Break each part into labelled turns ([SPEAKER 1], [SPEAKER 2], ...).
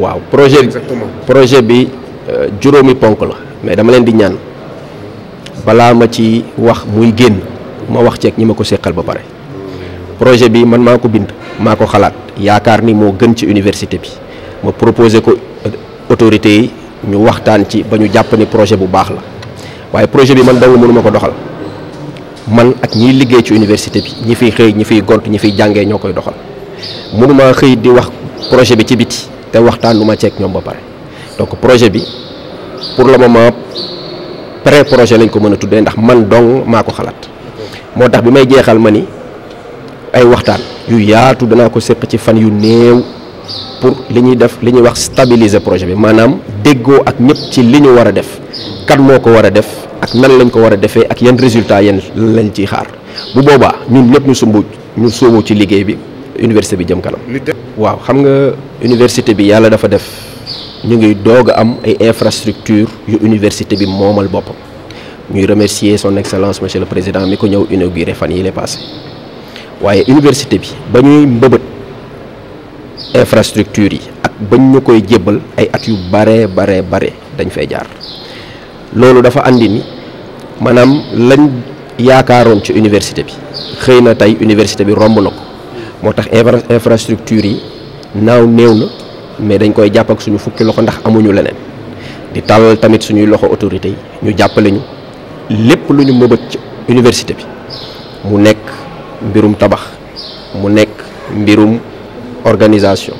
[SPEAKER 1] waaw projet Exactement. projet bi euh, juróomi ponk la mais dama leen di ñaan balaa ma ci wax muy génn ma wax ceeg ñi ma ko seqal ba pare projet bi man maa ko bind maa ko xalaat yaakaar ni moo gën ci université bi ma proposé ko euh, autorité yi ñu waxtaan ci ba ñu jàpp ni projet bu baax la waaye projet bi man dong mënuma ko doxal man ak ñiy liggéey ci université bi ñi fiy xëy ñi fiy gont ñi fiy jàngee ñoo koy doxal mënuma xëy di wax projet bi ci biti te waxtaanuma ci ak ñom ba paré donc projet bi pour le moment pré projet lañ ko mëna tuddé ndax man dong mako xalat xalaat tax bi may jéxal ma ni ay waxtaan yu yaatu dana ko sék ci fan yu néew pour liñuy def liñuy wax stabiliser projet bi manam déggo ak ñëpp ci liñu wara def kan moko wara def ak nan lañ ko wara défé ak yeen résultat yeen lañ ci xaar bu boba ñun ñëpp ñu sumbu ñu sumbu ci liggéey bi université bi jëm kanam waaw xam nga université bi yàlla dafa def ñu ngi doog am ay infrastructure yu université bi momal boppam ñuy remercier son excellence monsieur le président mi ko ñëw inauguré fan yi les passé waaye université bi ba ñuy mbëbët infrastructure yi ak bañ koy jébbal ay at yu bare bare bare dañ fay jaar loolu dafa andi ni manam lañ yaakaaroon ci université bi xeyna tay université bi romb motax infrastructure yi naw newna mais dañ koy japp ak suñu fukki loxo ndax amuñu leneen di talal tamit suñu loxo autorité ñu jàppale ñu lépp lu ñu ci université bi mu nekk mbirum tabax mu nekk mbirum organisation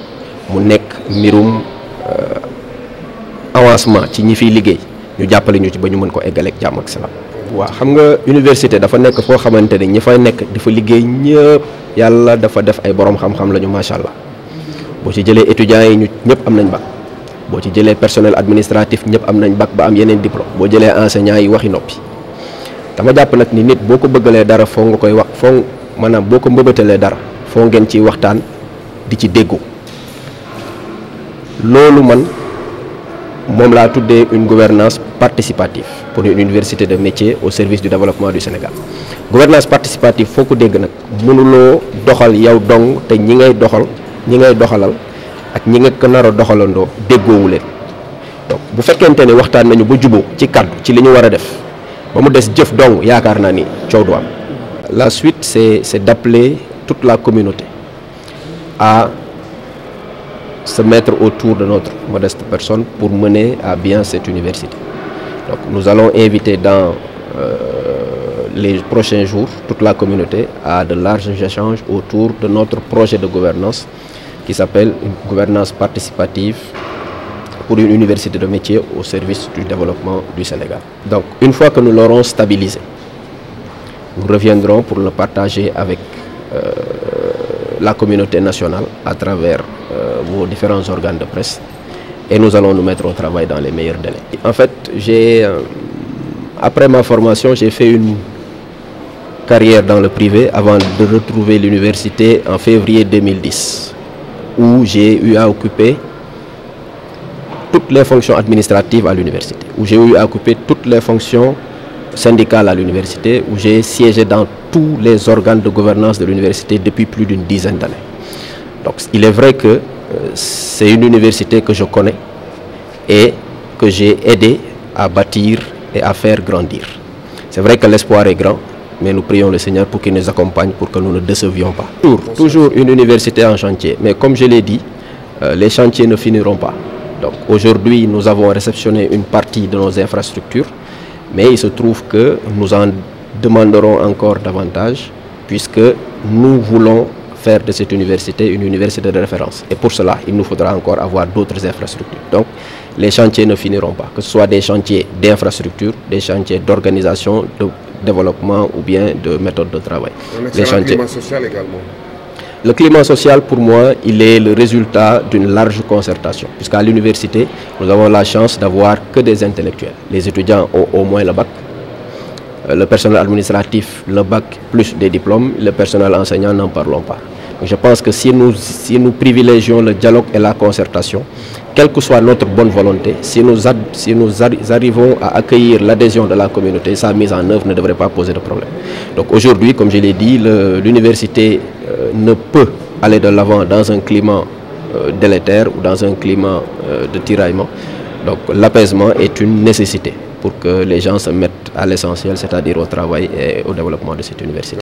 [SPEAKER 1] mu nekk mbirum euh, avancement ci ñi fi liggéey ñu ci ba ñu ko ak jamm ak salam wa xam nga université dafa nek fo xamanteni ñi fay nek di liggey ñepp yalla dafa def ay borom xam-xam lañu macha allah boo ci jëlé étudiant yi ñu ñepp am nañ bac bo ci jëlé personnel administratif ñepp am nañ bac ba am yenen diplôme bo jëlé enseignant yi waxi nopi dama japp nak ni nit boko bëggalé dara fo nga koy wax fo manam boko dara fo ngeen ci waxtaan di ci déggu lolu man mom la tuddé une gouvernance participative pour une université de métier au service du développement du Sénégal gouvernance participative foo que dégg nag doxal yow dong te ñi ngay doxal ñi ngay doxalal ak ñi nga ko doxalando a doxalandoo déggoowu donc bu fekkente ni waxtaan nañu bu juboo ci cadre ci li ñu war def ba mu des jëf dong yaakar na ni ciow du am la suite c'est c'est d'appeler toute la communauté à se mettre autour de notre modeste personne pour mener à bien cette université nous allons inviter dans euh, les prochains jours toute la communauté à de larges échanges autour de notre projet de gouvernance qui s'appelle une gouvernance participative pour une université de métier au service du développement du Sénégal. Donc, une fois que nous l'aurons stabilisé, nous reviendrons pour le partager avec euh, la communauté nationale à travers euh, vos différents organes de presse et nous allons nous mettre au travail dans les meilleurs délais. En fait, j'ai, euh, après ma formation, j'ai fait une carrière dans le privé avant de retrouver l'université en février 2010, où j'ai eu à occuper toutes les fonctions administratives à l'université, où j'ai eu à occuper toutes les fonctions syndicales à l'université, où j'ai siégé dans tous les organes de gouvernance de l'université depuis plus d'une dizaine d'années. Donc il est vrai que c'est une université que je connais et que j'ai aidé à bâtir et à faire grandir. C'est vrai que l'espoir est grand, mais nous prions le Seigneur pour qu'il nous accompagne, pour que nous ne décevions pas. Toujours, une université en chantier, mais comme je l'ai dit, euh, les chantiers ne finiront pas. Donc aujourd'hui, nous avons réceptionné une partie de nos infrastructures, mais il se trouve que nous en demanderons encore davantage, puisque nous voulons faire de cette université une université de référence. Et pour cela, il nous faudra encore avoir d'autres infrastructures. Donc, les chantiers ne finiront pas, que ce soit des chantiers d'infrastructures, des chantiers d'organisation, de développement ou bien de méthodes de travail. Le climat social également Le climat social, pour moi, il est le résultat d'une large concertation. Puisqu'à l'université, nous avons la chance d'avoir que des intellectuels. Les étudiants ont au moins le bac, le personnel administratif, le bac plus des diplômes, le personnel enseignant, n'en parlons pas. Je pense que si nous, si nous privilégions le dialogue et la concertation, quelle que soit notre bonne volonté, si nous, si nous arrivons à accueillir l'adhésion de la communauté, sa mise en œuvre ne devrait pas poser de problème. Donc aujourd'hui, comme je l'ai dit, l'université euh, ne peut aller de l'avant dans un climat euh, délétère ou dans un climat euh, de tiraillement. Donc l'apaisement est une nécessité pour que les gens se mettent à l'essentiel, c'est-à-dire au travail et au développement de cette université.